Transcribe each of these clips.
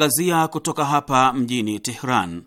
Angazia kutoka hapa mjini Tehran.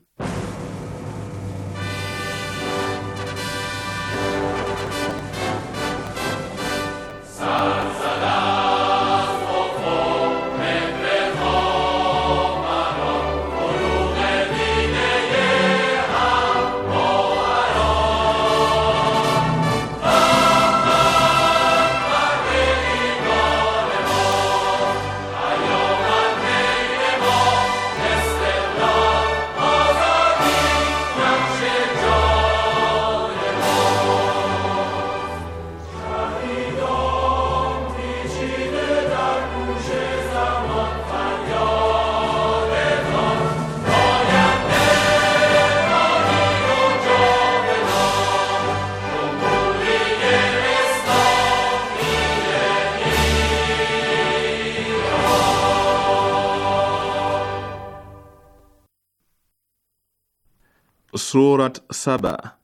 Surat saba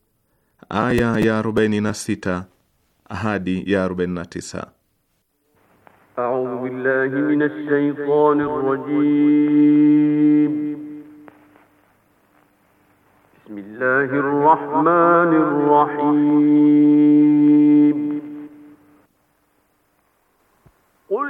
aya ya arobaini na sita hadi ya arobaini na tisa. A'udhu billahi minash rajim. Bismillahir rahmanir rahim. Qul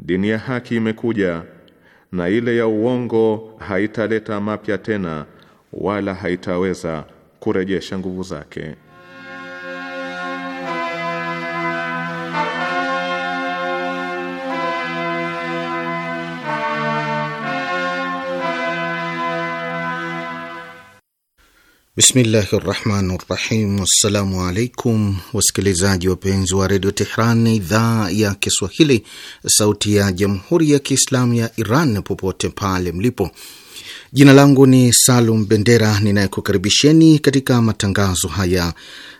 Dini ya haki imekuja na ile ya uongo haitaleta mapya tena wala haitaweza kurejesha nguvu zake. Bismillahi rahmani rahim. Wassalamu alaikum wasikilizaji wapenzi wa redio Tehran, idhaa ya Kiswahili, sauti ya jamhuri ya kiislamu ya Iran, popote pale mlipo. Jina langu ni Salum Bendera ninayekukaribisheni katika matangazo haya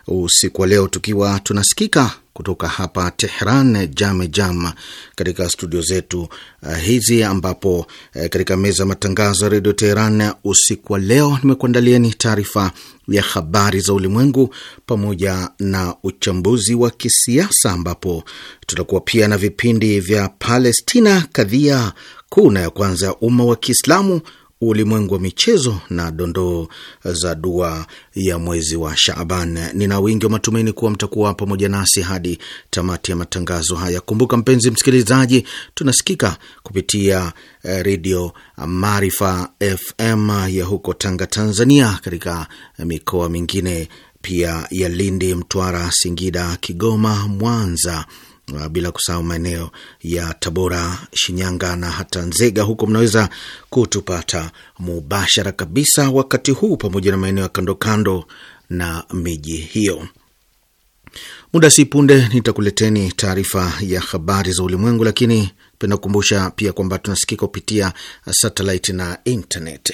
usiku wa leo, tukiwa tunasikika kutoka hapa Tehran, Jame Jam, katika studio zetu uh, hizi ambapo uh, katika meza ya matangazo ya redio Teheran usiku wa leo nimekuandalieni taarifa ya habari za ulimwengu pamoja na uchambuzi wa kisiasa, ambapo tutakuwa pia na vipindi vya Palestina, kadhia kuu na ya kwanza ya umma wa Kiislamu, ulimwengu wa michezo na dondoo za dua ya mwezi wa Shaaban. Nina wingi wa matumaini kuwa mtakuwa pamoja nasi hadi tamati ya matangazo haya. Kumbuka mpenzi msikilizaji, tunasikika kupitia eh, redio Maarifa FM ya huko Tanga, Tanzania, katika mikoa mingine pia ya Lindi, Mtwara, Singida, Kigoma, Mwanza Uh, bila kusahau maeneo ya Tabora, Shinyanga na hata Nzega. Huko mnaweza kutupata mubashara kabisa wakati huu, pamoja na maeneo ya kando kando na miji hiyo. Muda si punde nitakuleteni taarifa ya habari za ulimwengu, lakini penda kukumbusha pia kwamba tunasikika kupitia satellite na intaneti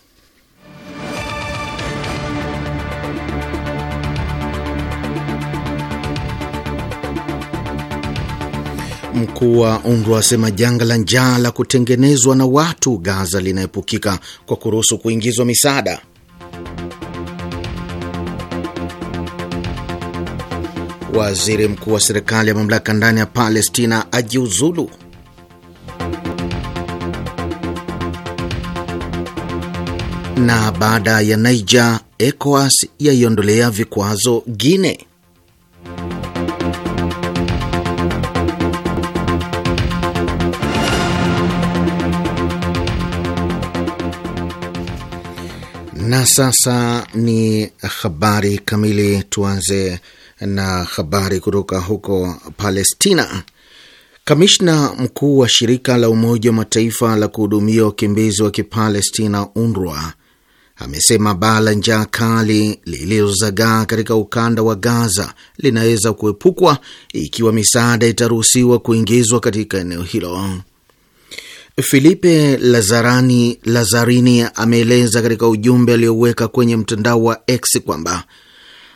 Mkuu wa UNRWA asema janga la njaa la kutengenezwa na watu Gaza linaepukika kwa kuruhusu kuingizwa misaada. Waziri mkuu wa serikali ya mamlaka ndani ya Palestina ajiuzulu. Na baada ya Niger, ECOWAS yaiondolea vikwazo Guinea. Na sasa ni habari kamili. Tuanze na habari kutoka huko Palestina. Kamishna mkuu wa shirika la Umoja wa Mataifa la kuhudumia wakimbizi wa Kipalestina, UNRWA, amesema baa la njaa kali lililozagaa katika ukanda wa Gaza linaweza kuepukwa ikiwa misaada itaruhusiwa kuingizwa katika eneo hilo. Filipe Lazarani Lazarini ameeleza katika ujumbe aliyoweka kwenye mtandao wa X kwamba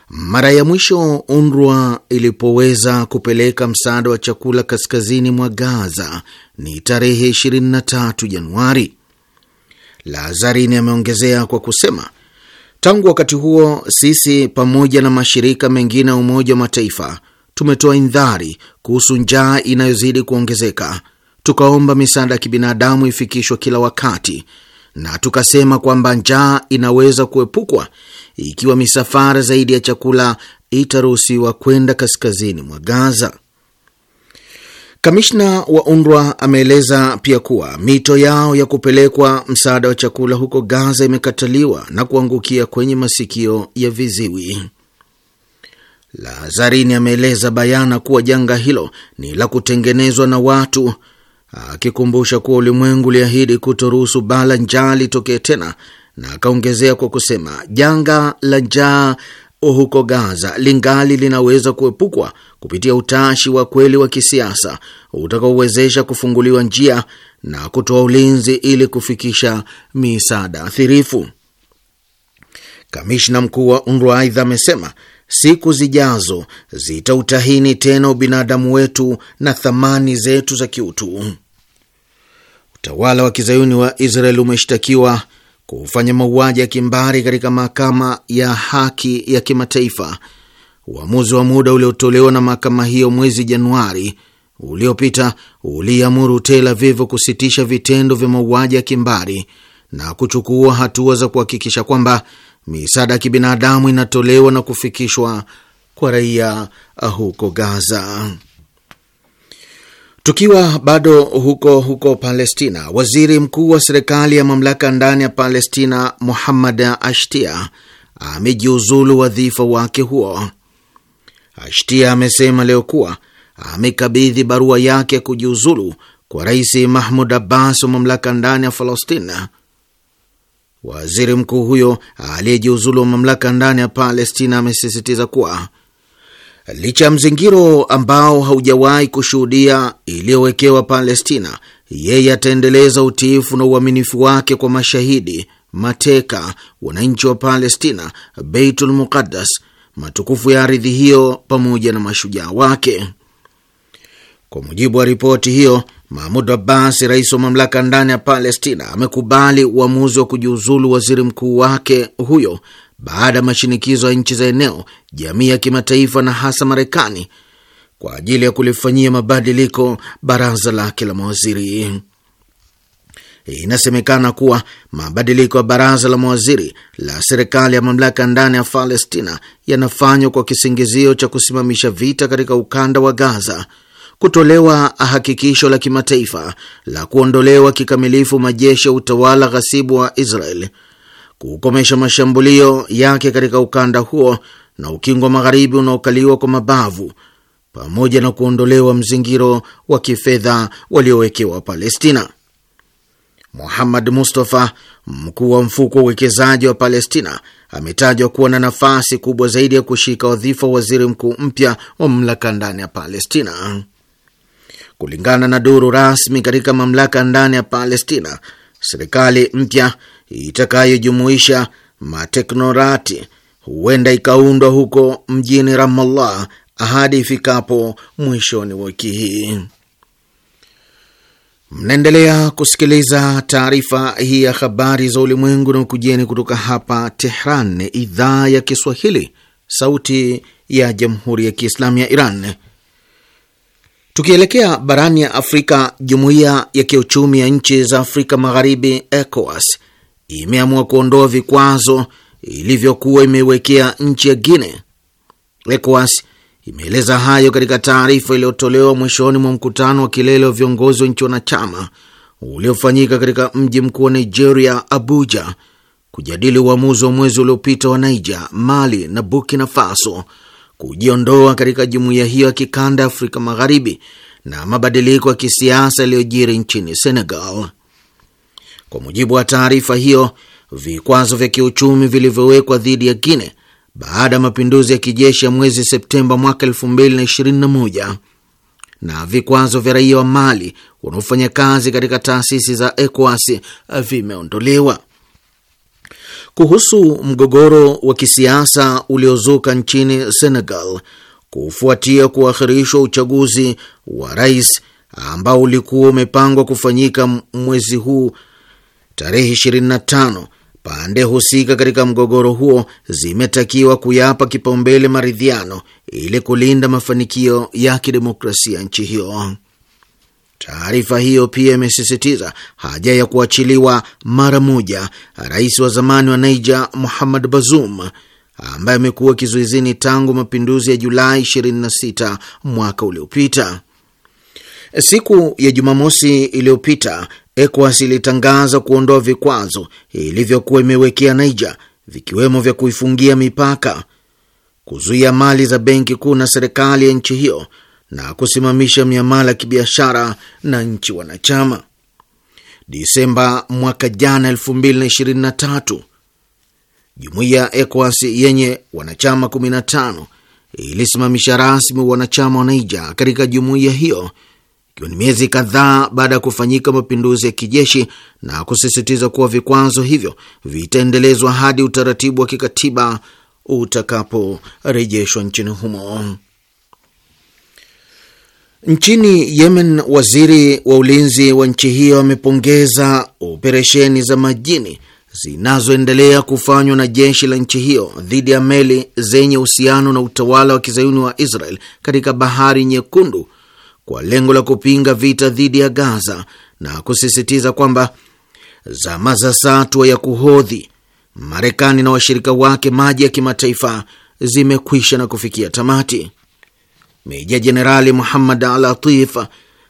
mara ya mwisho UNRWA ilipoweza kupeleka msaada wa chakula kaskazini mwa Gaza ni tarehe 23 Januari. Lazarini ameongezea kwa kusema, tangu wakati huo sisi pamoja na mashirika mengine ya Umoja wa Mataifa tumetoa indhari kuhusu njaa inayozidi kuongezeka tukaomba misaada ya kibinadamu ifikishwe kila wakati, na tukasema kwamba njaa inaweza kuepukwa ikiwa misafara zaidi ya chakula itaruhusiwa kwenda kaskazini mwa Gaza. Kamishna wa UNRWA ameeleza pia kuwa mito yao ya kupelekwa msaada wa chakula huko Gaza imekataliwa na kuangukia kwenye masikio ya viziwi. Lazarini ameeleza bayana kuwa janga hilo ni la kutengenezwa na watu akikumbusha kuwa ulimwengu uliahidi kutoruhusu bala njaa litokee tena, na akaongezea kwa kusema janga la njaa huko Gaza lingali linaweza kuepukwa kupitia utashi wa kweli wa kisiasa utakaowezesha kufunguliwa njia na kutoa ulinzi ili kufikisha misaada athirifu. Kamishna mkuu wa UNRWA aidha amesema siku zijazo zitautahini tena ubinadamu wetu na thamani zetu za kiutu. Utawala wa kizayuni wa Israel umeshtakiwa kufanya mauaji ya kimbari katika mahakama ya haki ya kimataifa. Uamuzi wa muda uliotolewa na mahakama hiyo mwezi Januari uliopita uliamuru Tel Aviv kusitisha vitendo vya mauaji ya kimbari na kuchukua hatua za kuhakikisha kwamba misaada ya kibinadamu inatolewa na kufikishwa kwa raia huko Gaza. Tukiwa bado huko huko Palestina, waziri mkuu wa serikali ya mamlaka ndani ya Palestina Muhammad Ashtia amejiuzulu wadhifa wake huo. Ashtia amesema leo kuwa amekabidhi barua yake ya kujiuzulu kwa rais Mahmud Abbas wa mamlaka ndani ya Palestina Waziri mkuu huyo aliyejiuzulu wa mamlaka ndani ya Palestina amesisitiza kuwa licha ya mzingiro ambao haujawahi kushuhudia iliyowekewa Palestina, yeye ataendeleza utiifu na uaminifu wake kwa mashahidi, mateka, wananchi wa Palestina, Beitul Muqaddas, matukufu ya ardhi hiyo, pamoja na mashujaa wake. Kwa mujibu wa ripoti hiyo, Mahmud Abbas, rais wa mamlaka ndani ya Palestina, amekubali uamuzi wa kujiuzulu waziri mkuu wake huyo baada ya mashinikizo ya nchi za eneo, jamii ya kimataifa na hasa Marekani kwa ajili ya kulifanyia mabadiliko baraza lake la mawaziri. Inasemekana kuwa mabadiliko ya baraza la mawaziri la serikali ya mamlaka ndani ya Palestina yanafanywa kwa kisingizio cha kusimamisha vita katika ukanda wa Gaza kutolewa hakikisho la kimataifa la kuondolewa kikamilifu majeshi ya utawala ghasibu wa Israel, kukomesha mashambulio yake katika ukanda huo na ukingo wa magharibi unaokaliwa kwa mabavu, pamoja na kuondolewa mzingiro wa kifedha waliowekewa Palestina. Muhammad Mustafa, mkuu wa mfuko wa uwekezaji wa Palestina, ametajwa kuwa na nafasi kubwa zaidi ya kushika wadhifa wa waziri mkuu mpya wa mamlaka ndani ya Palestina. Kulingana na duru rasmi katika mamlaka ndani ya Palestina, serikali mpya itakayojumuisha mateknorati huenda ikaundwa huko mjini Ramallah hadi ifikapo mwishoni wiki hii. Mnaendelea kusikiliza taarifa hii ya habari za ulimwengu na ukujeni kutoka hapa Tehran, idhaa ya Kiswahili, sauti ya jamhuri ya kiislamu ya Iran. Tukielekea barani ya Afrika, jumuiya ya kiuchumi ya nchi za Afrika Magharibi, ECOWAS, imeamua kuondoa vikwazo ilivyokuwa imewekea nchi ya Guine. ECOWAS imeeleza hayo katika taarifa iliyotolewa mwishoni mwa mkutano wa kilele wa viongozi wa nchi wanachama uliofanyika katika mji mkuu wa Nigeria, Abuja, kujadili uamuzi wa mwezi uliopita wa Niger, Mali na Burkina Faso kujiondoa katika jumuiya hiyo ya kikanda ya Afrika Magharibi na mabadiliko ya kisiasa yaliyojiri nchini Senegal. Kwa mujibu wa taarifa hiyo, vikwazo vya kiuchumi vilivyowekwa dhidi ya guine baada ya mapinduzi ya kijeshi ya mwezi Septemba mwaka 2021 na vikwazo vya raia wa Mali wanaofanya kazi katika taasisi za ECOWAS vimeondolewa kuhusu mgogoro wa kisiasa uliozuka nchini Senegal kufuatia kuahirishwa uchaguzi wa rais ambao ulikuwa umepangwa kufanyika mwezi huu tarehe 25. Pande husika katika mgogoro huo zimetakiwa kuyapa kipaumbele maridhiano ili kulinda mafanikio ya kidemokrasia nchi hiyo. Taarifa hiyo pia imesisitiza haja ya kuachiliwa mara moja rais wa zamani wa Niger Muhammad Bazoum ambaye amekuwa kizuizini tangu mapinduzi ya Julai 26 mwaka uliopita. Siku ya Jumamosi iliyopita ECOWAS ilitangaza kuondoa vikwazo ilivyokuwa imewekea Niger, vikiwemo vya kuifungia mipaka, kuzuia mali za benki kuu na serikali ya nchi hiyo na kusimamisha miamala ya kibiashara na nchi wanachama. Disemba mwaka jana 2023, jumuiya ECOWAS yenye wanachama 15 ilisimamisha rasmi wanachama wa Naija katika jumuiya hiyo ikiwa ni miezi kadhaa baada ya kufanyika mapinduzi ya kijeshi na kusisitiza kuwa vikwazo hivyo vitaendelezwa hadi utaratibu wa kikatiba utakaporejeshwa nchini humo. Nchini Yemen, waziri wa ulinzi wa nchi hiyo amepongeza operesheni za majini zinazoendelea kufanywa na jeshi la nchi hiyo dhidi ya meli zenye uhusiano na utawala wa kizayuni wa Israel katika bahari Nyekundu kwa lengo la kupinga vita dhidi ya Gaza na kusisitiza kwamba zama za satwa ya kuhodhi, Marekani na washirika wake maji ya kimataifa zimekwisha na kufikia tamati. Meja Jenerali Muhammad Alatif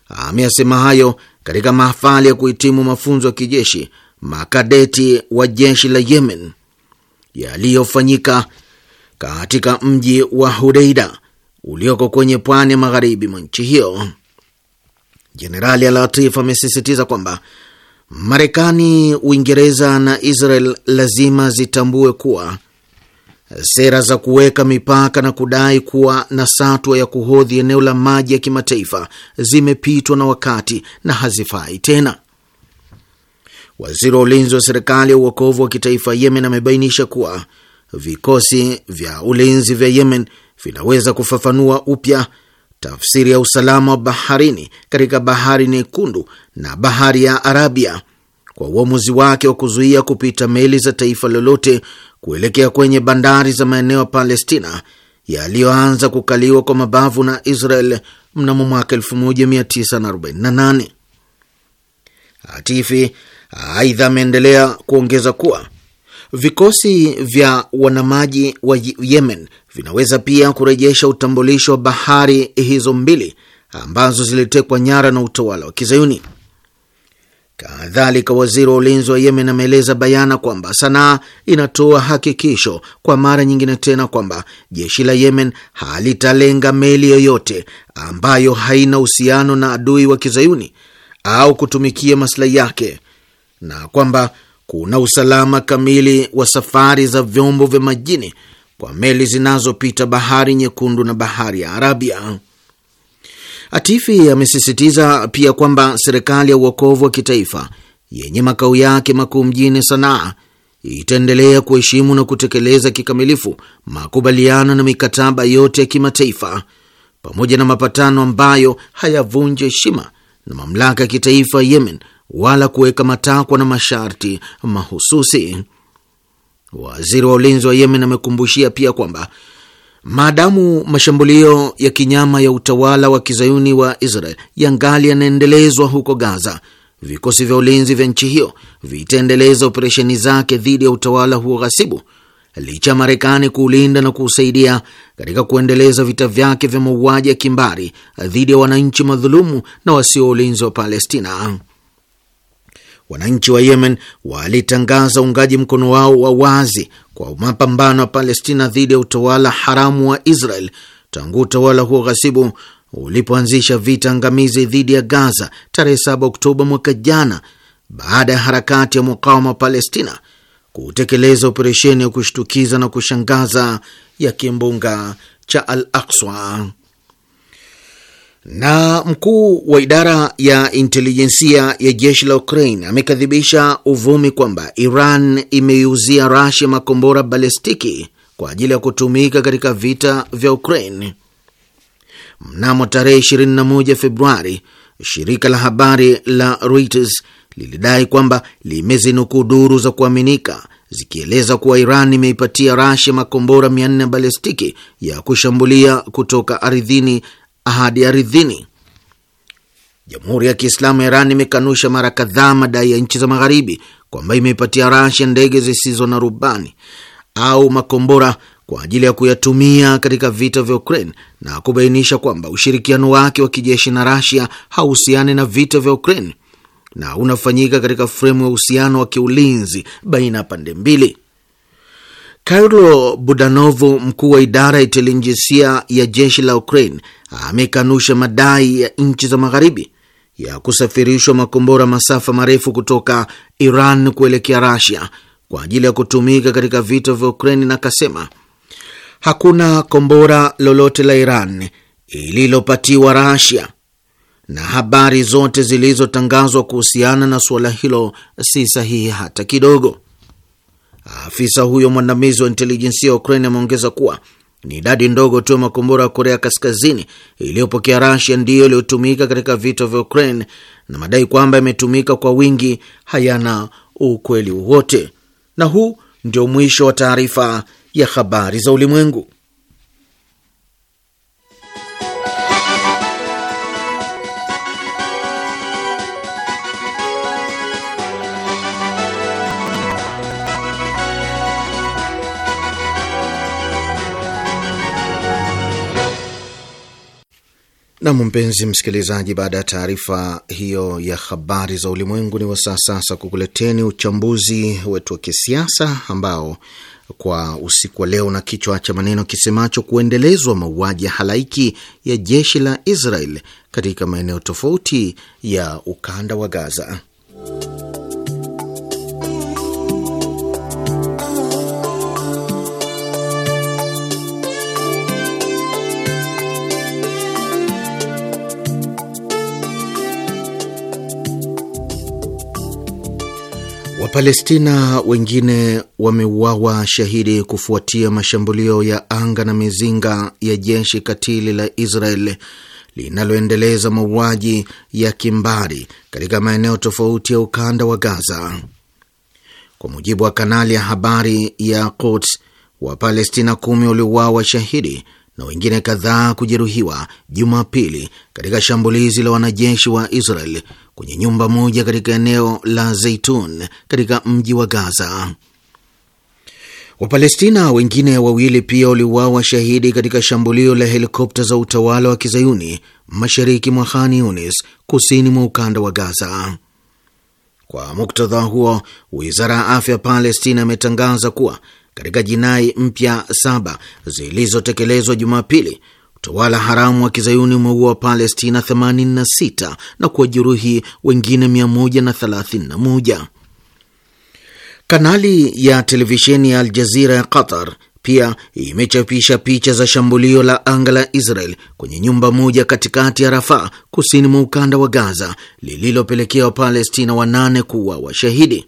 ameyasema hayo katika mahafali ya kuhitimu mafunzo ya kijeshi makadeti wa jeshi la Yemen yaliyofanyika katika mji wa Hudeida ulioko kwenye pwani ya magharibi mwa nchi hiyo. Jenerali Alatif amesisitiza kwamba Marekani, Uingereza na Israel lazima zitambue kuwa sera za kuweka mipaka na kudai kuwa na satwa ya kuhodhi eneo la maji ya kimataifa zimepitwa na wakati na hazifai tena. Waziri wa ulinzi wa serikali ya uokovu wa kitaifa Yemen amebainisha kuwa vikosi vya ulinzi vya Yemen vinaweza kufafanua upya tafsiri ya usalama wa baharini katika bahari Nyekundu na bahari ya Arabia kwa uamuzi wake wa kuzuia kupita meli za taifa lolote kuelekea kwenye bandari za maeneo ya Palestina yaliyoanza kukaliwa kwa mabavu na Israel mnamo mwaka 1948. Hatifi aidha ameendelea kuongeza kuwa vikosi vya wanamaji wa Yemen vinaweza pia kurejesha utambulisho wa bahari hizo mbili ambazo zilitekwa nyara na utawala wa Kizayuni. Kadhalika, waziri wa ulinzi wa Yemen ameeleza bayana kwamba Sanaa inatoa hakikisho kwa mara nyingine tena kwamba jeshi la Yemen halitalenga meli yoyote ambayo haina uhusiano na adui wa kizayuni au kutumikia maslahi yake na kwamba kuna usalama kamili wa safari za vyombo vya majini kwa meli zinazopita bahari nyekundu na bahari ya Arabia. Atifi amesisitiza pia kwamba serikali ya uokovu wa kitaifa yenye makao yake makuu mjini Sanaa itaendelea kuheshimu na kutekeleza kikamilifu makubaliano na mikataba yote ya kimataifa pamoja na mapatano ambayo hayavunji heshima na mamlaka ya kitaifa Yemen wala kuweka matakwa na masharti mahususi. Waziri wa ulinzi wa Yemen amekumbushia pia kwamba Maadamu mashambulio ya kinyama ya utawala wa kizayuni wa Israel yangali yanaendelezwa huko Gaza, vikosi vya ulinzi vya nchi hiyo vitaendeleza operesheni zake dhidi ya utawala huo ghasibu, licha ya Marekani kuulinda na kuusaidia katika kuendeleza vita vyake vya mauaji ya kimbari dhidi ya wananchi madhulumu na wasio ulinzi wa Palestina wananchi wa Yemen walitangaza uungaji mkono wao wa wazi kwa mapambano ya Palestina dhidi ya utawala haramu wa Israel tangu utawala huo ghasibu ulipoanzisha vita angamizi dhidi ya Gaza tarehe 7 Oktoba mwaka jana, baada ya harakati ya mukawama wa Palestina kutekeleza operesheni ya kushtukiza na kushangaza ya kimbunga cha Al Akswa. Na mkuu wa idara ya intelijensia ya jeshi la Ukraine amekadhibisha uvumi kwamba Iran imeiuzia Rasia makombora balistiki kwa ajili ya kutumika katika vita vya Ukraine. Mnamo tarehe 21 Februari, shirika la habari la Reuters lilidai kwamba limezinukuu duru za kuaminika zikieleza kuwa Iran imeipatia Rasia makombora 400 balistiki ya kushambulia kutoka ardhini ya aridhini. Jamhuri ya Kiislamu ya Iran imekanusha mara kadhaa madai ya nchi za Magharibi kwamba imeipatia Rasia ndege zisizo na rubani au makombora kwa ajili ya kuyatumia katika vita vya Ukraine na kubainisha kwamba ushirikiano wake wa kijeshi na Rasia hauhusiani na vita vya Ukraine na unafanyika katika fremu ya uhusiano wa kiulinzi baina ya pande mbili karlo budanovu mkuu wa idara ya intelijensia ya jeshi la Ukraine, amekanusha madai ya nchi za magharibi ya kusafirishwa makombora masafa marefu kutoka Iran kuelekea Rasia kwa ajili ya kutumika katika vita vya Ukraine, na akasema hakuna kombora lolote la Iran ililopatiwa Rasia na habari zote zilizotangazwa kuhusiana na suala hilo si sahihi hata kidogo. Afisa huyo mwandamizi wa intelijensia ya Ukraine ameongeza kuwa ni idadi ndogo tu ya makombora ya Korea Kaskazini iliyopokea Rasia ndiyo iliyotumika katika vita vya Ukraine, na madai kwamba yametumika kwa wingi hayana ukweli wowote. Na huu ndio mwisho wa taarifa ya habari za ulimwengu. Nam, mpenzi msikilizaji, baada ya taarifa hiyo ya habari za ulimwengu, ni wasaa sasa kukuleteni uchambuzi wetu wa kisiasa ambao kwa usiku wa leo na kichwa cha maneno kisemacho kuendelezwa mauaji ya halaiki ya jeshi la Israel katika maeneo tofauti ya ukanda wa Gaza. Wapalestina wengine wameuawa shahidi kufuatia mashambulio ya anga na mizinga ya jeshi katili la Israel linaloendeleza mauaji ya kimbari katika maeneo tofauti ya ukanda wa Gaza. Kwa mujibu wa kanali ya habari ya Quds, Wapalestina kumi waliuawa shahidi na wengine kadhaa kujeruhiwa Jumapili katika shambulizi la wanajeshi wa Israel kwenye nyumba moja katika eneo la Zeitun katika mji wa Gaza. Wapalestina wengine wawili pia waliuawa shahidi katika shambulio la helikopta za utawala wa kizayuni mashariki mwa Khan Yunis, kusini mwa ukanda wa Gaza. Kwa muktadha huo, wizara ya afya ya Palestina imetangaza kuwa katika jinai mpya saba zilizotekelezwa Jumapili Utawala haramu wa kizayuni umeua Wapalestina 86 na kuwajeruhi wengine 131. Kanali ya televisheni ya Aljazira ya Qatar pia imechapisha picha za shambulio la anga la Israel kwenye nyumba moja katikati ya Rafaa, kusini mwa ukanda wa Gaza, lililopelekea Wapalestina wanane kuwa washahidi.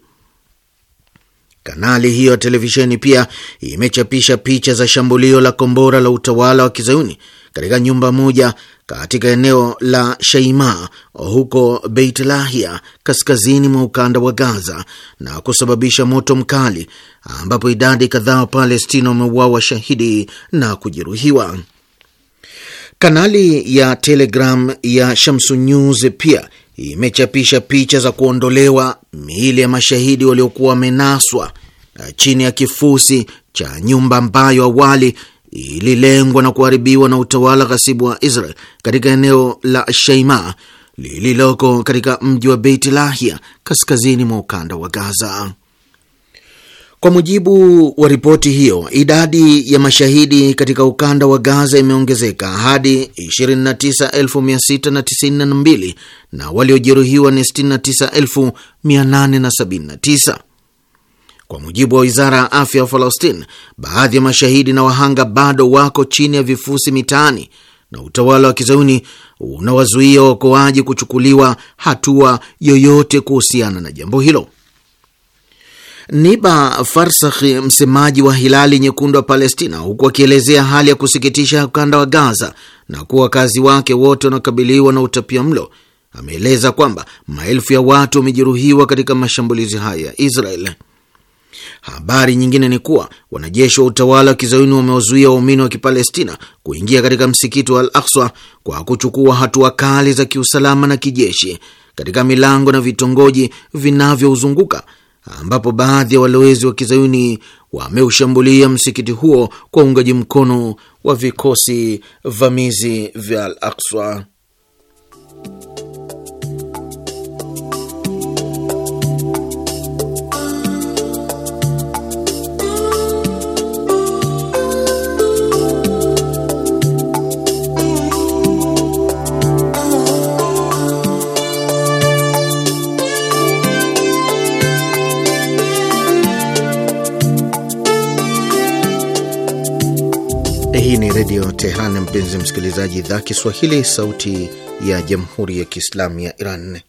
Kanali hiyo ya televisheni pia imechapisha picha za shambulio la kombora la utawala wa kizayuni katika nyumba moja katika eneo la Shaima huko Beit Lahia kaskazini mwa ukanda wa Gaza na kusababisha moto mkali ambapo idadi kadhaa wa Palestina wameuawa shahidi na kujeruhiwa. Kanali ya Telegram ya Shamsu News pia imechapisha picha za kuondolewa miili ya mashahidi waliokuwa wamenaswa eh, chini ya kifusi cha nyumba ambayo awali ililengwa na kuharibiwa na utawala ghasibu wa Israel katika eneo la Shaima lililoko katika mji wa Beit Lahia kaskazini mwa ukanda wa Gaza. Kwa mujibu wa ripoti hiyo, idadi ya mashahidi katika ukanda wa Gaza imeongezeka hadi 29692 na waliojeruhiwa ni 69879. Kwa mujibu wa wizara ya afya ya Palestina, baadhi ya mashahidi na wahanga bado wako chini ya vifusi mitaani na utawala wa kizayuni unawazuia waokoaji kuchukuliwa hatua yoyote kuhusiana na jambo hilo. Niba Farsakhi, msemaji wa Hilali Nyekundu wa Palestina, huku akielezea hali ya kusikitisha ukanda wa Gaza na kuwa wakazi wake wote wanakabiliwa na utapia mlo, ameeleza kwamba maelfu ya watu wamejeruhiwa katika mashambulizi haya ya Israel. Habari nyingine ni kuwa wanajeshi wa utawala wa kizayuni wamewazuia waumini wa Kipalestina kuingia katika msikiti wa Al Akswa kwa kuchukua hatua kali za kiusalama na kijeshi katika milango na vitongoji vinavyouzunguka ambapo baadhi ya walowezi wa kizayuni wameushambulia msikiti huo kwa uungaji mkono wa vikosi vamizi vya Al Akswa. Tehran, mpenzi msikilizaji, idhaa Kiswahili, sauti ya jamhuri ya kiislamu ya Iran.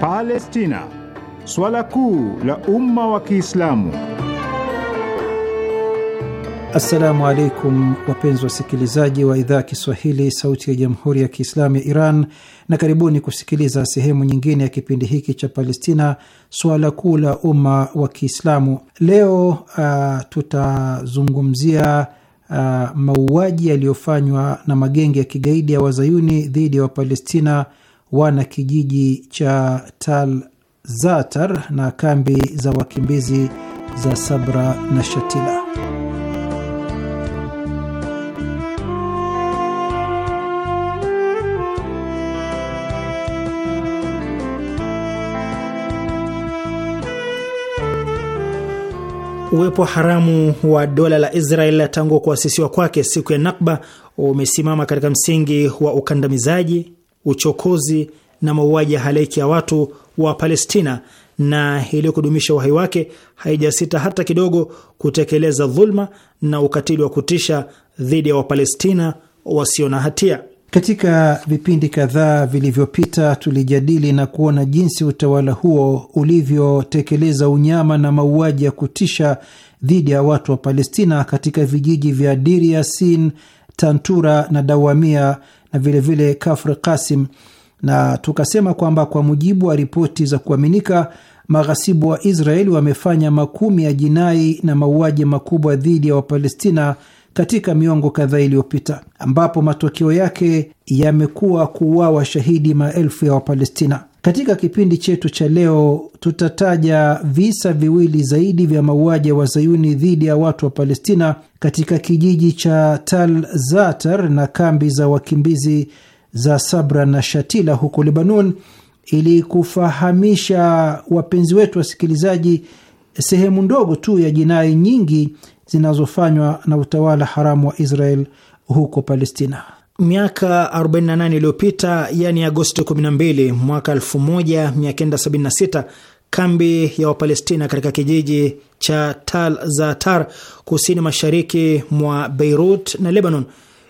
Palestina, swala kuu la umma wa Kiislamu. Assalamu alaikum wapenzi wasikilizaji wa idhaa ya Kiswahili sauti ya jamhuri ya Kiislamu ya Iran, na karibuni kusikiliza sehemu nyingine ya kipindi hiki cha Palestina, suala kuu la umma wa Kiislamu. Leo uh, tutazungumzia uh, mauaji yaliyofanywa na magenge ya kigaidi ya wazayuni dhidi ya Wapalestina wana kijiji cha Tal Zatar na kambi za wakimbizi za Sabra na Shatila. Uwepo haramu wa dola la Israel tangu kuasisiwa kwake siku ya Nakba umesimama katika msingi wa ukandamizaji, uchokozi na mauaji ya halaiki ya watu wa Palestina, na iliyokudumisha kudumisha uhai wake haijasita hata kidogo kutekeleza dhulma na ukatili wa kutisha dhidi ya Wapalestina wasio na hatia. Katika vipindi kadhaa vilivyopita tulijadili na kuona jinsi utawala huo ulivyotekeleza unyama na mauaji ya kutisha dhidi ya watu wa Palestina katika vijiji vya Dir Yasin, Tantura na Dawamia na vilevile vile Kafr kasim na tukasema kwamba kwa mujibu wa ripoti za kuaminika maghasibu wa Israeli wamefanya makumi ya jinai na mauaji makubwa dhidi ya Wapalestina katika miongo kadhaa iliyopita, ambapo matokeo yake yamekuwa kuuawa shahidi maelfu ya Wapalestina. Katika kipindi chetu cha leo tutataja visa viwili zaidi vya mauaji ya wazayuni dhidi ya watu wa Palestina katika kijiji cha Tal Zatar na kambi za wakimbizi za Sabra na Shatila huko Lebanon, ili kufahamisha wapenzi wetu wasikilizaji sehemu ndogo tu ya jinai nyingi zinazofanywa na utawala haramu wa Israel huko Palestina. Miaka 48 iliyopita, yani Agosti 12 mwaka 1976 kambi ya Wapalestina katika kijiji cha Tal Zatar kusini mashariki mwa Beirut na Lebanon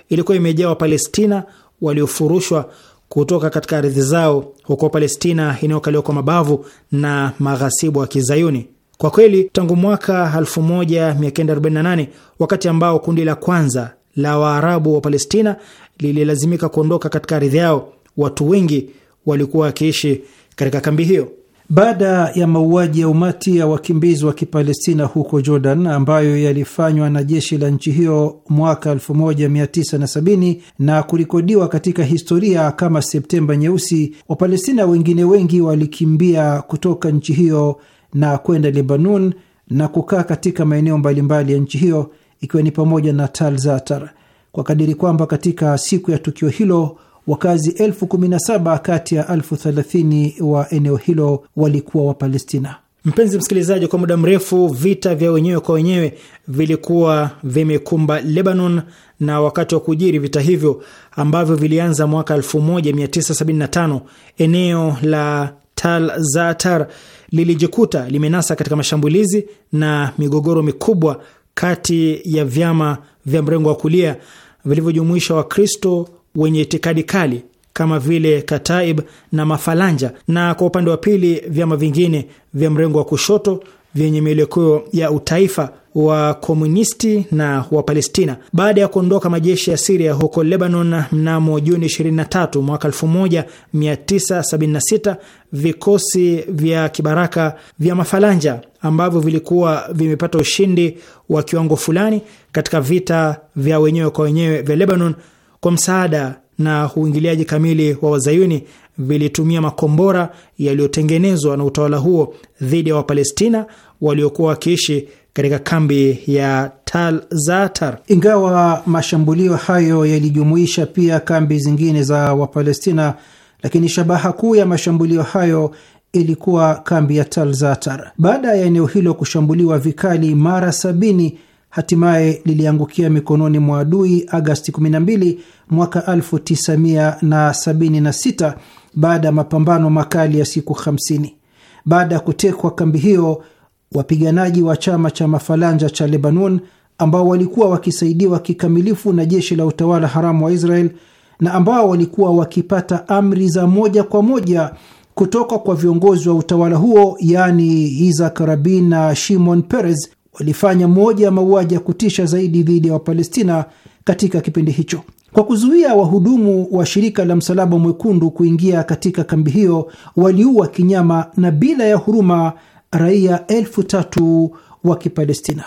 ilikuwa imejaa Wapalestina waliofurushwa kutoka katika ardhi zao huko Palestina inayokaliwa kwa mabavu na maghasibu wa Kizayuni. Kwa kweli tangu mwaka 1948 wakati ambao kundi la kwanza la Waarabu wa Palestina lililazimika kuondoka katika ardhi yao, watu wengi walikuwa wakiishi katika kambi hiyo. Baada ya mauaji ya umati ya wakimbizi wa Kipalestina huko Jordan ambayo yalifanywa na jeshi la nchi hiyo mwaka 1970 na kurikodiwa katika historia kama Septemba Nyeusi, Wapalestina wengine wengi walikimbia kutoka nchi hiyo na kwenda Lebanon na kukaa katika maeneo mbalimbali ya nchi hiyo ikiwa ni pamoja na Talzatar, kwa kadiri kwamba katika siku ya tukio hilo wakazi elfu kumi na saba kati ya elfu thelathini wa eneo hilo walikuwa Wapalestina. Mpenzi msikilizaji, kwa muda mrefu vita vya wenyewe kwa wenyewe vilikuwa vimekumba Lebanon, na wakati wa kujiri vita hivyo ambavyo vilianza mwaka 1975 eneo la Tal Zatar lilijikuta limenasa katika mashambulizi na migogoro mikubwa kati ya vyama vya mrengo wa kulia vilivyojumuisha Wakristo wenye itikadi kali kama vile Kataib na Mafalanja, na kwa upande wa pili vyama vingine vya mrengo wa kushoto vyenye mielekeo ya utaifa wa komunisti na Wapalestina. Baada ya kuondoka majeshi ya Siria huko Lebanon mnamo Juni 23 mwaka 1976, vikosi vya kibaraka vya Mafalanja ambavyo vilikuwa vimepata ushindi wa kiwango fulani katika vita vya wenyewe kwa wenyewe vya Lebanon, kwa msaada na uingiliaji kamili wa Wazayuni, vilitumia makombora yaliyotengenezwa na utawala huo dhidi ya Wapalestina waliokuwa wakiishi katika kambi ya Tal Zatar. Ingawa mashambulio hayo yalijumuisha pia kambi zingine za Wapalestina, lakini shabaha kuu ya mashambulio hayo ilikuwa kambi ya Tal Zatar. Baada ya eneo hilo kushambuliwa vikali mara sabini, hatimaye liliangukia mikononi mwa adui Agasti 12 mwaka 1976 baada ya mapambano makali ya siku 50. Baada ya kutekwa kambi hiyo Wapiganaji wa chama cha Mafalanja cha Lebanon ambao walikuwa wakisaidiwa kikamilifu na jeshi la utawala haramu wa Israel na ambao walikuwa wakipata amri za moja kwa moja kutoka kwa viongozi wa utawala huo, yaani Isaac Rabin na Shimon Peres, walifanya moja ya mauaji ya kutisha zaidi dhidi ya Wapalestina katika kipindi hicho. Kwa kuzuia wahudumu wa shirika la Msalaba Mwekundu kuingia katika kambi hiyo, waliua kinyama na bila ya huruma raia elfu tatu wa Kipalestina.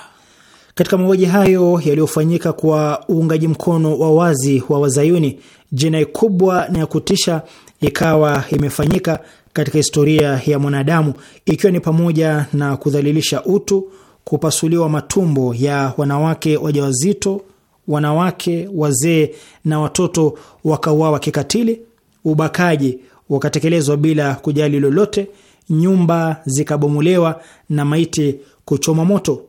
Katika mauaji hayo yaliyofanyika kwa uungaji mkono wa wazi wa Wazayuni, jinai kubwa na ya kutisha ikawa imefanyika katika historia ya mwanadamu, ikiwa ni pamoja na kudhalilisha utu, kupasuliwa matumbo ya wanawake wajawazito, wanawake, wazee na watoto wakauawa kikatili, ubakaji ukatekelezwa bila kujali lolote nyumba zikabomolewa na maiti kuchoma moto.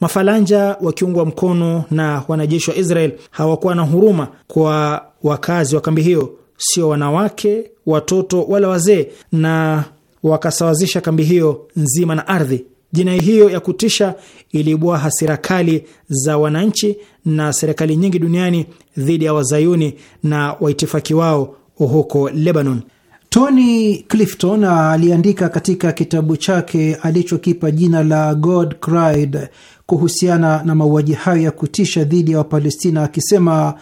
Mafalanja wakiungwa mkono na wanajeshi wa Israel hawakuwa na huruma kwa wakazi wa kambi hiyo, sio wanawake, watoto wala wazee, na wakasawazisha kambi hiyo nzima na ardhi. Jinai hiyo ya kutisha iliibua hasira kali za wananchi na serikali nyingi duniani dhidi ya wazayuni na waitifaki wao huko Lebanon. Tony Clifton aliandika katika kitabu chake alichokipa jina la God Cried kuhusiana na mauaji hayo ya kutisha dhidi ya Wapalestina akisema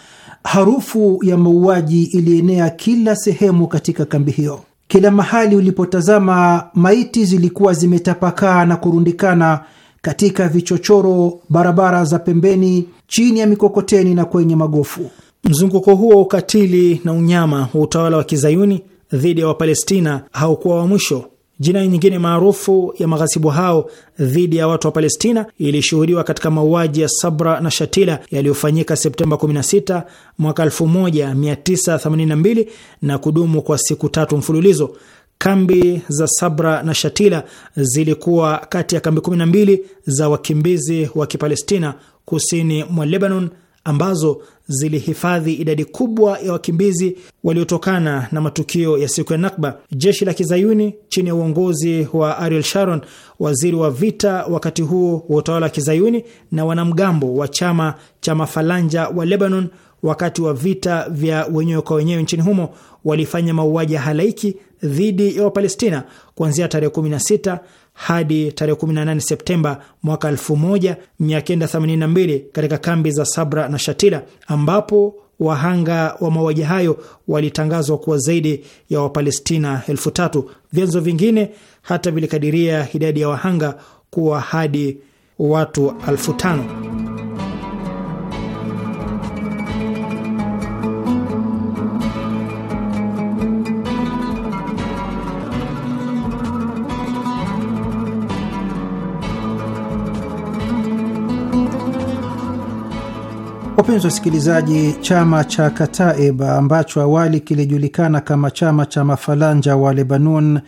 harufu ya mauaji ilienea kila sehemu katika kambi hiyo. Kila mahali ulipotazama, maiti zilikuwa zimetapakaa na kurundikana katika vichochoro, barabara za pembeni, chini ya mikokoteni na kwenye magofu. Mzunguko huo wa ukatili na unyama wa utawala wa kizayuni dhidi ya Wapalestina haukuwa wa mwisho. Jinai nyingine maarufu ya maghasibu hao dhidi ya watu wa Palestina ilishuhudiwa katika mauaji ya Sabra na Shatila yaliyofanyika Septemba 16 mwaka 1982 na kudumu kwa siku tatu mfululizo. Kambi za Sabra na Shatila zilikuwa kati ya kambi 12 za wakimbizi wa Kipalestina kusini mwa Lebanon ambazo zilihifadhi idadi kubwa ya wakimbizi waliotokana na matukio ya siku ya Nakba. Jeshi la kizayuni chini ya uongozi wa Ariel Sharon, waziri wa vita wakati huo wa utawala wa kizayuni, na wanamgambo wa chama cha Mafalanja wa Lebanon wakati wa vita vya wenyewe kwa wenyewe nchini humo walifanya mauaji ya halaiki dhidi ya Wapalestina kuanzia tarehe 16 hadi tarehe 18 Septemba mwaka 1982 katika kambi za Sabra na Shatila ambapo wahanga wa mauaji hayo walitangazwa kuwa zaidi ya Wapalestina elfu tatu. Vyanzo vingine hata vilikadiria idadi ya wahanga kuwa hadi watu elfu tano. Wapenzi wasikilizaji, chama cha Kataib ambacho awali kilijulikana kama chama cha Mafalanja wa Lebanon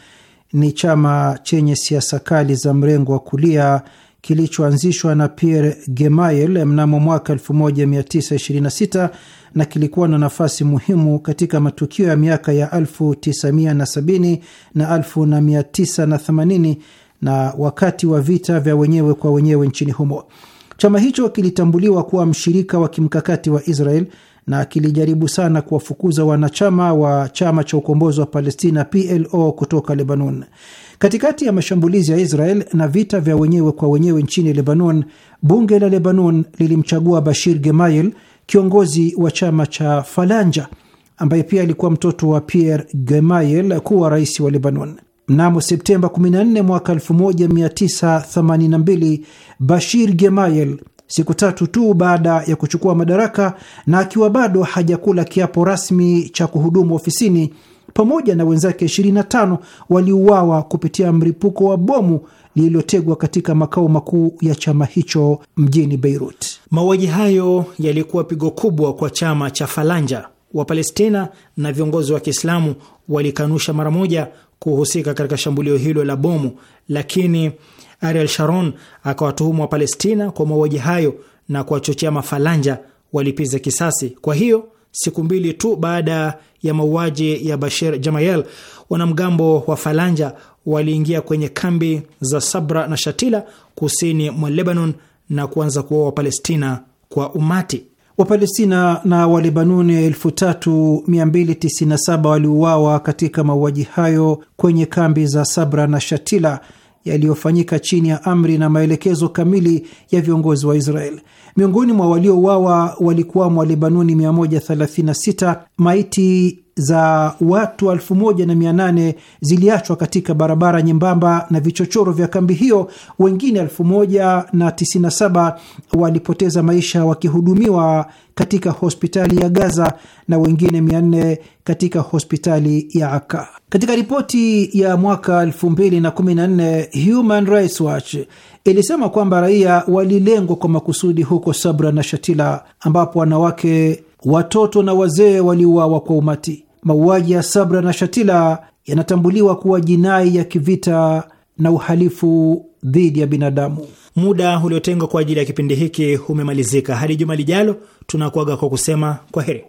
ni chama chenye siasa kali za mrengo wa kulia kilichoanzishwa na Pierre Gemayel mnamo mwaka 1926 na kilikuwa na nafasi muhimu katika matukio ya miaka ya 1970 na 1980 na wakati wa vita vya wenyewe kwa wenyewe nchini humo. Chama hicho kilitambuliwa kuwa mshirika wa kimkakati wa Israel na kilijaribu sana kuwafukuza wanachama wa chama cha ukombozi wa Palestina PLO kutoka Lebanon. Katikati ya mashambulizi ya Israel na vita vya wenyewe kwa wenyewe nchini Lebanon, bunge la Lebanon lilimchagua Bashir Gemayel, kiongozi wa chama cha Falanja ambaye pia alikuwa mtoto wa Pierre Gemayel, kuwa rais wa Lebanon. Mnamo Septemba 14 mwaka 1982 Bashir Gemayel, siku tatu tu baada ya kuchukua madaraka na akiwa bado hajakula kiapo rasmi cha kuhudumu ofisini, pamoja na wenzake 25 waliuawa kupitia mlipuko wa bomu lililotegwa katika makao makuu ya chama hicho mjini Beirut. Mauaji hayo yalikuwa pigo kubwa kwa chama cha Falanja. Wapalestina na viongozi wa Kiislamu walikanusha mara moja kuhusika katika shambulio hilo la bomu, lakini Ariel Sharon akawatuhumu wa Palestina kwa mauaji hayo na kuwachochea mafalanja walipiza kisasi. Kwa hiyo siku mbili tu baada ya mauaji ya Bashir Jamayel, wanamgambo wa Falanja waliingia kwenye kambi za Sabra na Shatila kusini mwa Lebanon na kuanza kuua Wapalestina kwa umati. Wapalestina na Walebanuni 3297 waliuawa katika mauaji hayo kwenye kambi za Sabra na Shatila yaliyofanyika chini ya amri na maelekezo kamili ya viongozi wa Israel. Miongoni mwa waliouawa walikuwa Mwalebanuni 136, maiti za watu 1800 ziliachwa katika barabara nyembamba na vichochoro vya kambi hiyo. Wengine 1097 walipoteza maisha wakihudumiwa katika hospitali ya Gaza na wengine 400 katika hospitali ya Aka. Katika ripoti ya mwaka 2014 Human Rights Watch ilisema kwamba raia walilengwa kwa makusudi huko Sabra na Shatila, ambapo wanawake, watoto na wazee waliuawa kwa umati. Mauaji ya Sabra na Shatila yanatambuliwa kuwa jinai ya kivita na uhalifu dhidi ya binadamu. Muda uliotengwa kwa ajili ya kipindi hiki umemalizika. Hadi juma lijalo, tunakuaga kwa kusema kwa heri.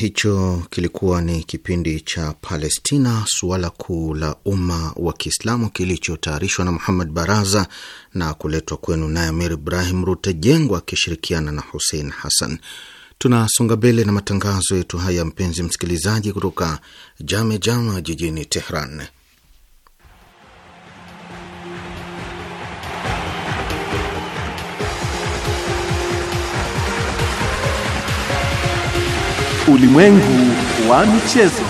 hicho kilikuwa ni kipindi cha Palestina, suala kuu la umma wa Kiislamu kilichotayarishwa na Muhammad Baraza na kuletwa kwenu naye Amir Ibrahim Rutajengwa akishirikiana na Hussein Hassan. Tunasonga mbele na matangazo yetu haya, mpenzi msikilizaji, kutoka Jame Jama jijini Tehran. Ulimwengu wa michezo.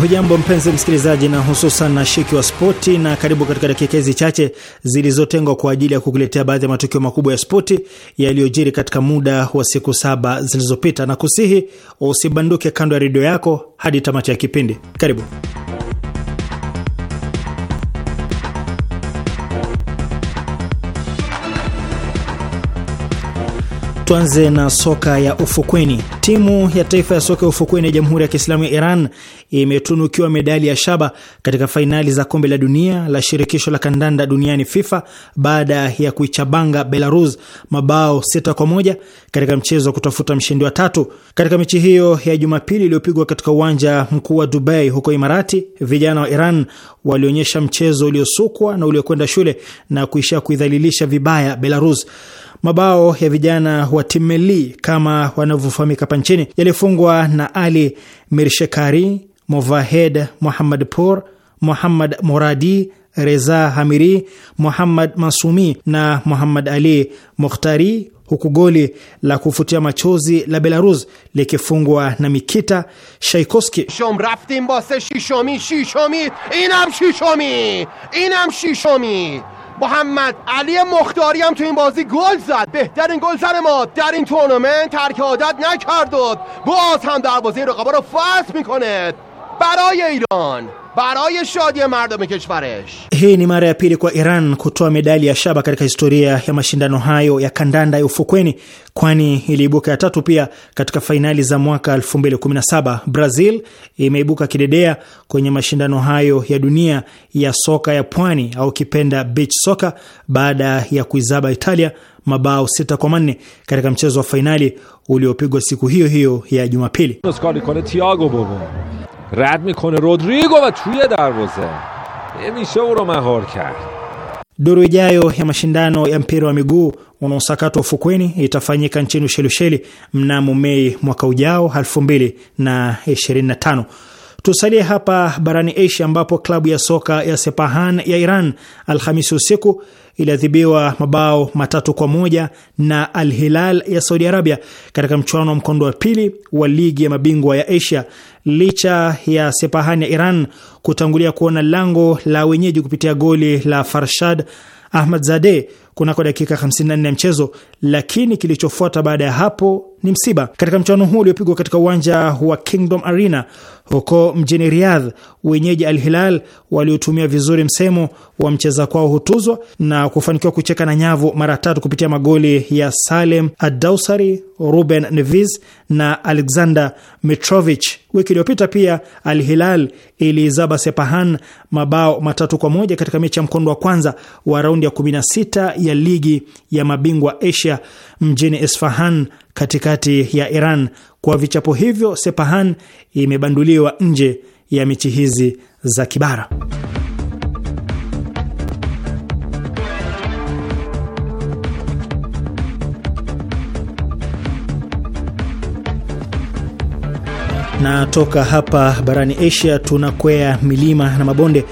Hujambo mpenzi msikilizaji, na hususan na shiki wa spoti, na karibu katika dakika hizi chache zilizotengwa kwa ajili ya kukuletea baadhi ya matukio makubwa ya spoti yaliyojiri katika muda wa siku saba zilizopita, na kusihi usibanduke kando ya redio yako hadi tamati ya kipindi. Karibu. Tuanze na soka ya ufukweni. Timu ya taifa ya soka ya ufukweni ya Jamhuri ya Kiislamu ya Iran imetunukiwa medali ya shaba katika fainali za kombe la dunia la shirikisho la kandanda duniani FIFA baada ya kuichabanga Belarus mabao sita kwa moja katika mchezo wa kutafuta mshindi wa tatu. Katika mechi hiyo ya Jumapili iliyopigwa katika uwanja mkuu wa Dubai huko Imarati, vijana wa Iran walionyesha mchezo uliosukwa na uliokwenda shule na kuishia kuidhalilisha vibaya Belarus. Mabao ya vijana wa Timeli kama wanavyofahamika hapa nchini yalifungwa na Ali Mirshekari موهد محمد پور محمد مرادی رضا حمیری محمد مسومی نه محمد علی مختاری حکو گولی لا کوفوتیا ماچوزی لا بلاروز لیک فونگوا نا شایکوسکی شوم رفتیم با سه شیشومی شیشومی اینم شیشومی اینم محمد علی مختاری هم تو این بازی گل زد بهترین گل زن ما در این تورنمنت ترک عادت نکردود و باز هم در بازی رو فصل میکنه برای ایران برای شادی مردم کشورش. Hii ni mara ya pili kwa Iran kutoa medali ya shaba katika historia ya mashindano hayo ya kandanda ya ufukweni, kwani iliibuka ya tatu pia katika fainali za mwaka 2017. Brazil imeibuka kidedea kwenye mashindano hayo ya dunia ya soka ya pwani au kipenda beach soccer baada ya kuizaba Italia mabao sita kwa manne katika mchezo wa fainali uliopigwa siku hiyo hiyo ya Jumapili. رد میکنه رودریگو و توی دروازه نمیشه او رو مهار کرد duru ijayo ya mashindano ya mpira wa miguu unaosakatwa ufukweni itafanyika nchini Ushelisheli mnamo Mei mwaka ujao 2025. Tusalie hapa barani Asia, ambapo klabu ya soka ya Sepahan ya Iran Alhamisi usiku iliadhibiwa mabao matatu kwa moja na Al Hilal ya Saudi Arabia katika mchuano wa mkondo wa pili wa ligi ya mabingwa ya Asia. Licha ya Sepahan ya Iran kutangulia kuona lango la wenyeji kupitia goli la Farshad Ahmad Zade kunako dakika 54 ya mchezo, lakini kilichofuata baada ya hapo ni msiba. Katika mchuano huu uliopigwa katika uwanja wa Kingdom Arena huko mjini Riyadh, wenyeji Al Hilal waliotumia vizuri msemo wa mcheza kwao hutuzwa na kufanikiwa kucheka na nyavu mara tatu kupitia magoli ya Salem adausari Ruben Neves na Alexander mitrovich Wiki iliyopita pia Al Hilal ilizaba Sepahan mabao matatu kwa moja katika mechi ya mkondo wa kwanza wa raundi ya 16 ya ligi ya mabingwa Asia mjini Isfahan katikati ya Iran. Kwa vichapo hivyo, Sepahan imebanduliwa nje ya mechi hizi za kibara. Na toka hapa barani Asia tunakwea milima na mabonde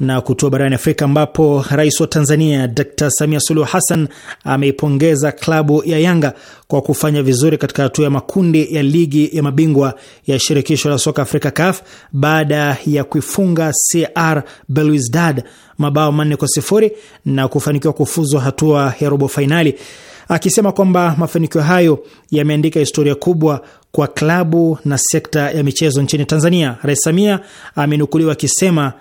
na kutua barani Afrika, ambapo rais wa Tanzania Dr Samia Suluhu Hassan ameipongeza klabu ya Yanga kwa kufanya vizuri katika hatua ya makundi ya ligi ya mabingwa ya shirikisho la soka Afrika, CAF, baada ya kuifunga CR Belouizdad mabao manne kwa sifuri na kufanikiwa kufuzwa hatua ya robo fainali, akisema kwamba mafanikio hayo yameandika historia kubwa kwa klabu na sekta ya michezo nchini Tanzania. Rais Samia amenukuliwa akisema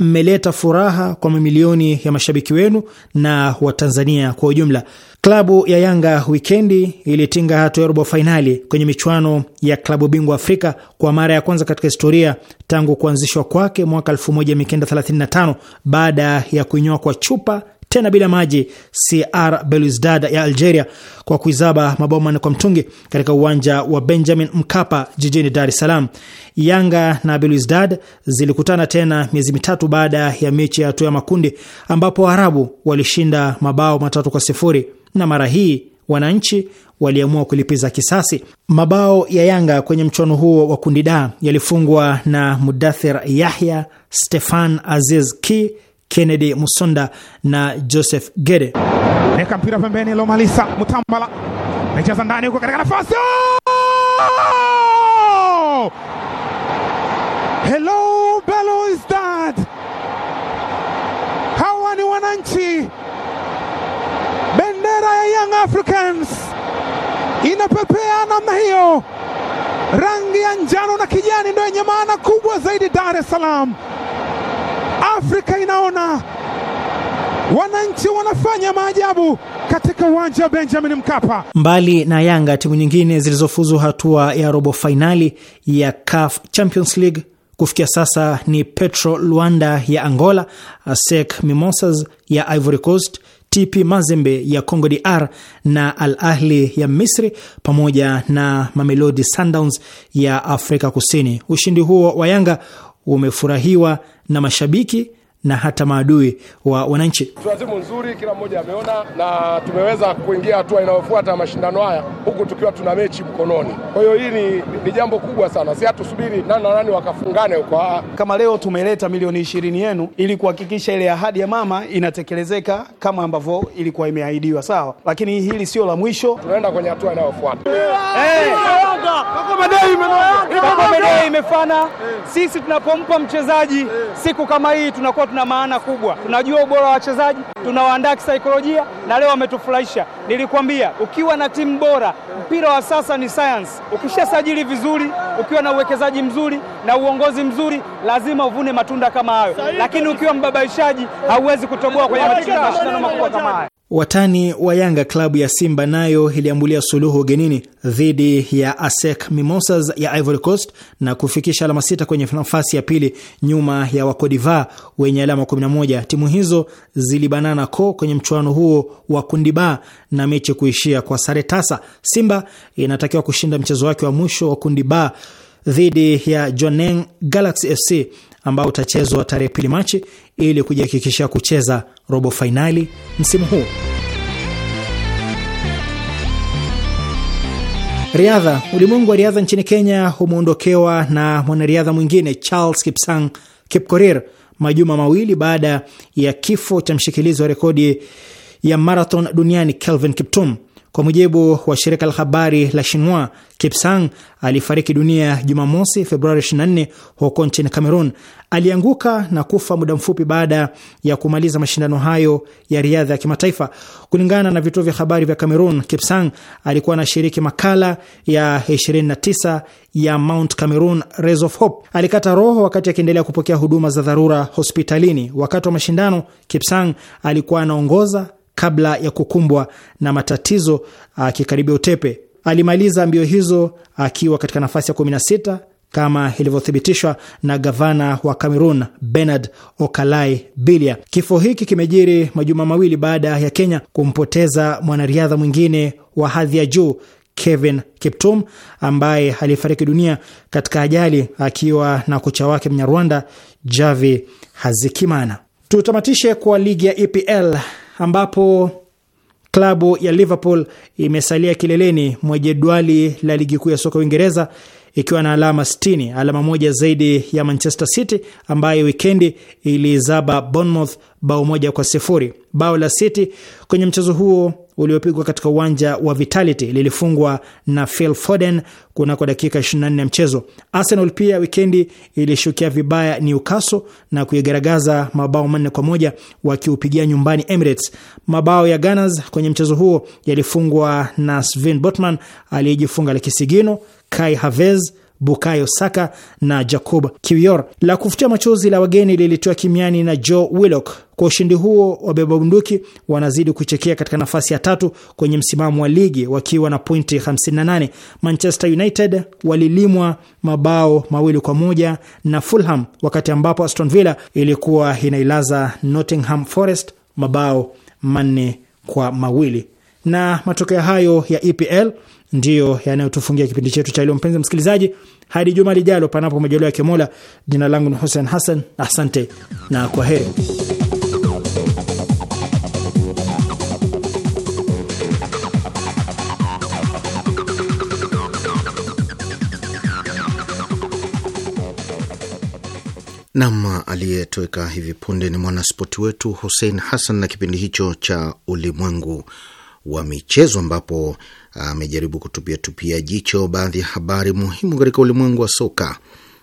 mmeleta furaha kwa mamilioni ya mashabiki wenu na Watanzania kwa ujumla. Klabu ya Yanga wikendi ilitinga hatua ya robo fainali kwenye michuano ya klabu bingwa Afrika kwa mara ya kwanza katika historia tangu kuanzishwa kwake mwaka 1935 baada ya kuinywa kwa chupa tena bila maji CR Belouizdad ya Algeria kwa kuizaba mabao manne kwa mtungi katika uwanja wa Benjamin Mkapa jijini Dar es Salaam. Yanga na Belouizdad zilikutana tena miezi mitatu baada ya mechi ya hatua ya makundi ambapo Waarabu walishinda mabao matatu kwa sifuri na mara hii wananchi waliamua kulipiza kisasi. Mabao ya Yanga kwenye mchuano huo wa kundi da yalifungwa na Mudathir Yahya, Stefan Aziz Ki Kennedy Musonda na Joseph Gede. neka mpira pembeni, Lomalisa Mutambala anacheza ndani huko katika nafasi. Oh! Hello Belouizdad, hawa ni wananchi. Bendera ya Young Africans inapepea namna hiyo, rangi ya njano na kijani ndio yenye maana kubwa zaidi Dar es Salaam. Afrika inaona wananchi wanafanya maajabu katika uwanja wa Benjamin Mkapa. Mbali na Yanga, timu nyingine zilizofuzu hatua ya robo fainali ya CAF Champions League kufikia sasa ni Petro Luanda ya Angola, ASEC Mimosas ya Ivory Coast, TP Mazembe ya Congo DR na Al Ahli ya Misri pamoja na Mamelodi Sundowns ya Afrika Kusini. Ushindi huo wa Yanga umefurahiwa na mashabiki na hata maadui wa wananchi. Tuna timu nzuri, kila mmoja ameona, na tumeweza kuingia hatua inayofuata mashindano haya huku tukiwa tuna mechi mkononi. Kwa hiyo hii ni, ni jambo kubwa sana, si hatusubiri nani na nani wakafungane huko. Kama leo tumeleta milioni ishirini yenu ili kuhakikisha ile ahadi ya mama inatekelezeka kama ambavyo ilikuwa imeahidiwa, sawa, lakini hili sio la mwisho, tunaenda kwenye hatua inayofuata. imefana Sisi tunapompa mchezaji siku kama hii tunakuwa tuna maana kubwa. Tunajua ubora wa wachezaji, tunawaandaa kisaikolojia, na leo wametufurahisha. Nilikwambia ukiwa na timu bora, mpira wa sasa ni science. Ukishasajili vizuri, ukiwa na uwekezaji mzuri na uongozi mzuri, lazima uvune matunda kama hayo, lakini ukiwa mbabaishaji, hauwezi kutoboa kwenye mashindano makubwa kama haya. Watani wa Yanga, klabu ya Simba nayo iliambulia suluhu ugenini dhidi ya ASEC Mimosas ya Ivory Coast na kufikisha alama sita kwenye nafasi ya pili nyuma ya Wakodiva wenye alama 11. Timu hizo zilibanana ko kwenye mchuano huo wa kundi ba na mechi kuishia kwa sare tasa. Simba inatakiwa kushinda mchezo wake wa mwisho wa kundi ba dhidi ya Jwaneng Galaxy FC ambao utachezwa tarehe pili Machi ili kujihakikishia kucheza robo fainali msimu huu. Riadha. Ulimwengu wa riadha nchini Kenya humeondokewa na mwanariadha mwingine Charles Kipsang Kipkorir majuma mawili baada ya kifo cha mshikilizi wa rekodi ya marathon duniani Kelvin Kiptum. Kwa mujibu wa shirika la habari la Shinwa, Kipsang alifariki dunia Jumamosi, Februari 24 huko nchini Cameroon. Alianguka na kufa muda mfupi baada ya kumaliza mashindano hayo ya riadha ya kimataifa. Kulingana na vituo vya habari vya Cameroon, Kipsang alikuwa anashiriki makala ya 29 ya Mount Cameroon Race of Hope. Alikata roho wakati akiendelea kupokea huduma za dharura hospitalini. Wakati wa mashindano, Kipsang alikuwa anaongoza kabla ya kukumbwa na matatizo akikaribia uh, utepe. Alimaliza mbio hizo akiwa katika nafasi ya 16 kama ilivyothibitishwa na gavana wa Cameroon Bernard Okalai Bilia. Kifo hiki kimejiri majuma mawili baada ya Kenya kumpoteza mwanariadha mwingine wa hadhi ya juu Kevin Kiptum ambaye alifariki dunia katika ajali akiwa na kocha wake Mnyarwanda Javi Hazikimana. Tutamatishe kwa ligi ya EPL ambapo klabu ya Liverpool imesalia kileleni mwa jedwali la ligi kuu ya soka Uingereza ikiwa na alama 60, alama moja zaidi ya Manchester City ambayo wikendi ilizaba Bournemouth bao moja kwa sifuri. Bao la City kwenye mchezo huo uliopigwa katika uwanja wa Vitality lilifungwa na Phil Foden kunako dakika 24 ya mchezo. Arsenal pia wikendi ilishukia vibaya Newcastle na kuigaragaza mabao manne kwa moja wakiupigia nyumbani Emirates. Mabao ya Gunners kwenye mchezo huo yalifungwa na Sven Botman aliyejifunga la kisigino, Kai Havertz Bukayo Saka na Jacob Kiwior. La kufutia machozi la wageni lilitoa kimiani na Joe Willock. Kwa ushindi huo, wabeba bunduki wanazidi kuchekea katika nafasi ya tatu kwenye msimamo wa ligi wakiwa na pointi 58. Manchester United walilimwa mabao mawili kwa moja na Fulham, wakati ambapo Aston Villa ilikuwa inailaza Nottingham Forest mabao manne kwa mawili. Na matokeo hayo ya EPL ndiyo yanayotufungia kipindi chetu cha leo. Mpenzi msikilizaji, hadi juma lijalo, panapo majaliwa yake Mola. Jina langu ni Hussein Hassan, asante na kwa heri. Nam aliyetoweka hivi punde ni mwanaspoti wetu Hussein Hassan na kipindi hicho cha Ulimwengu wa Michezo ambapo amejaribu kutupia tupia jicho baadhi ya habari muhimu katika ulimwengu wa soka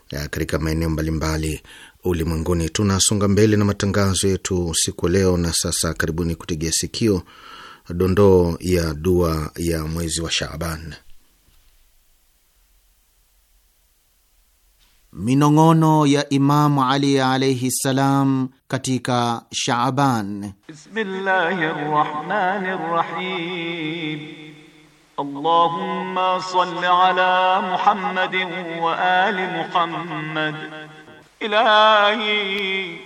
eh, katika maeneo mbalimbali ulimwenguni. Tunasonga mbele na matangazo yetu siku leo, na sasa karibuni kutegea sikio dondoo ya dua ya mwezi wa Shaaban. Minong'ono ya Imamu Ali alaihi ssalam katika Shaaban. rahim اللهم صل على محمد وآل محمد إلهي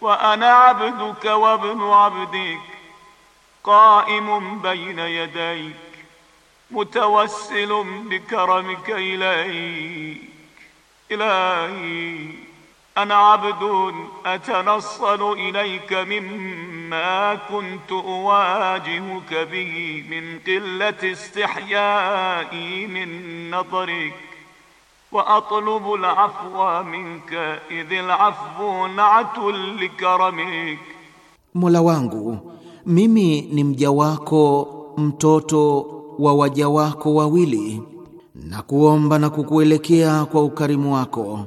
وأنا عبدك وابن عبدك قائم بين يديك متوسل بكرمك إليك إلهي ana abdun atanassalu ilayka mimma kuntu uwajihuka bihi min qillati istihyai min nadrik wa atlubu alafwa minka idh alafwu na'atun likaramik, Mola wangu mimi ni mja wako mtoto wa waja wako wawili, na kuomba na kukuelekea kwa ukarimu wako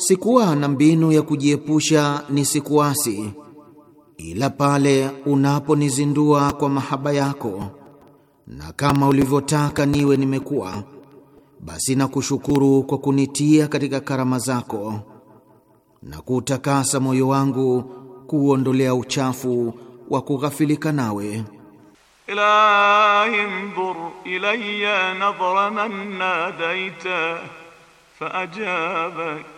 sikuwa na mbinu ya kujiepusha nisikuasi, ila pale unaponizindua kwa mahaba yako, na kama ulivyotaka niwe nimekuwa, basi nakushukuru kwa kunitia katika karama zako na kuutakasa moyo wangu kuuondolea uchafu wa kughafilika nawe. Ilahi ndur ilayya nadhra man nadaita faajabak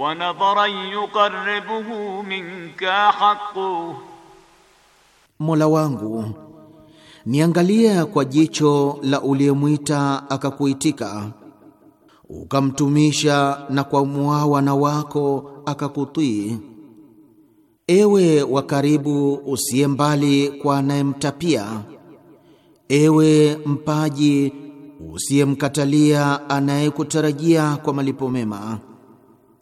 ونظرا يقربه منك حقه Mola wangu niangalia kwa jicho la uliyemwita akakuitika, ukamtumisha na kwa muawana wako akakutii, ewe wa karibu usiye mbali kwa anayemtapia, ewe mpaji usiyemkatalia anayekutarajia kwa malipo mema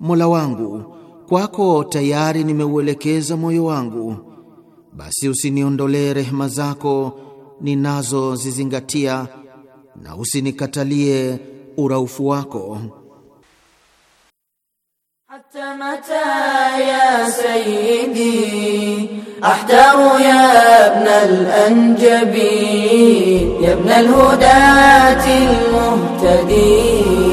Mola wangu, kwako tayari nimeuelekeza moyo wangu, basi usiniondolee rehema zako ninazozizingatia na usinikatalie uraufu wako. Hatta mata ya sayyidi ahtaru ya ibn al-anjabi ya ibn al-hudati al-muhtadi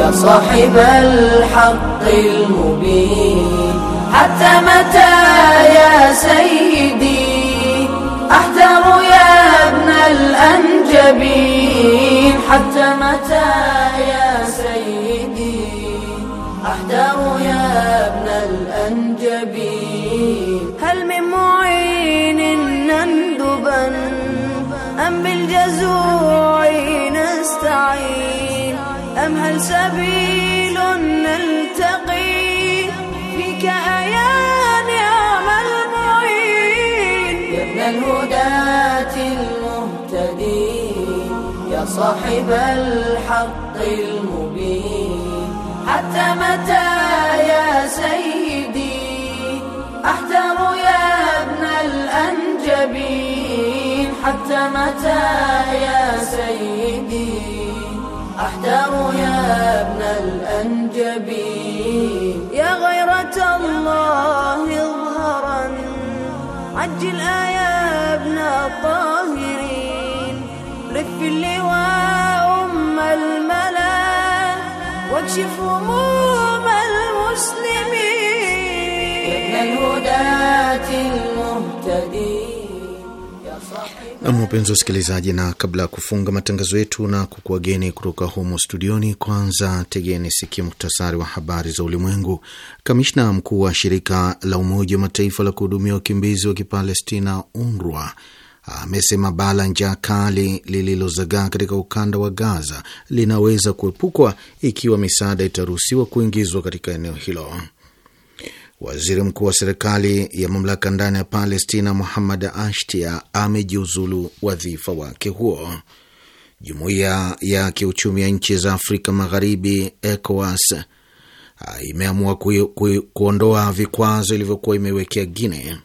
يا صاحب الحق المبين حتى متى يا سيدي أحذر يا ابن الأنجبين حتى متى يا سيدي أحذر يا ابن الأنجبين هل من معين نندبا أم بالجزوع نستعين أم هل سبيل نلتقي فيك أيان يا المعين يا ابن الهداة المهتدي يا صاحب الحق المبين حتى متى يا سيدي أحتر يا ابن الأنجبين حتى متى يا سيدي أحتار يا ابن الأنجبين يا غيرة الله ظهرا عجل يا ابن الطاهرين رف اللواء أم الملا واكشف هموم المسلمين يا ابن الهداة المهتدين Nam, wapenzi wasikilizaji, na kabla ya kufunga matangazo yetu na kukuwageni kutoka humo studioni, kwanza tegeni sikia muhtasari wa habari za ulimwengu. Kamishna mkuu wa shirika la Umoja wa Mataifa la kuhudumia wakimbizi wa Kipalestina UNRWA amesema baa la njaa kali lililozagaa katika ukanda wa Gaza linaweza kuepukwa ikiwa misaada itaruhusiwa kuingizwa katika eneo hilo. Waziri mkuu wa serikali ya mamlaka ndani ya Palestina Muhammad Ashtia amejiuzulu wadhifa wake huo. Jumuiya ya kiuchumi ya nchi za Afrika Magharibi, ECOWAS, imeamua kuondoa vikwazo ilivyokuwa imewekea Guinea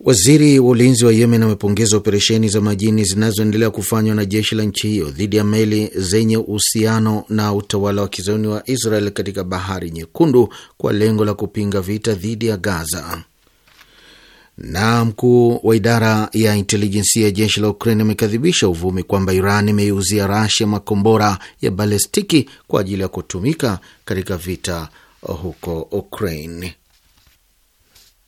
Waziri wa ulinzi wa Yemen amepongeza operesheni za majini zinazoendelea kufanywa na jeshi la nchi hiyo dhidi ya meli zenye uhusiano na utawala wa kizoni wa Israel katika bahari Nyekundu kwa lengo la kupinga vita dhidi ya Gaza. Na mkuu wa idara ya intelijensia ya jeshi la Ukraine amekadhibisha uvumi kwamba Iran imeiuzia Rasia makombora ya balestiki kwa ajili ya kutumika katika vita huko Ukraine.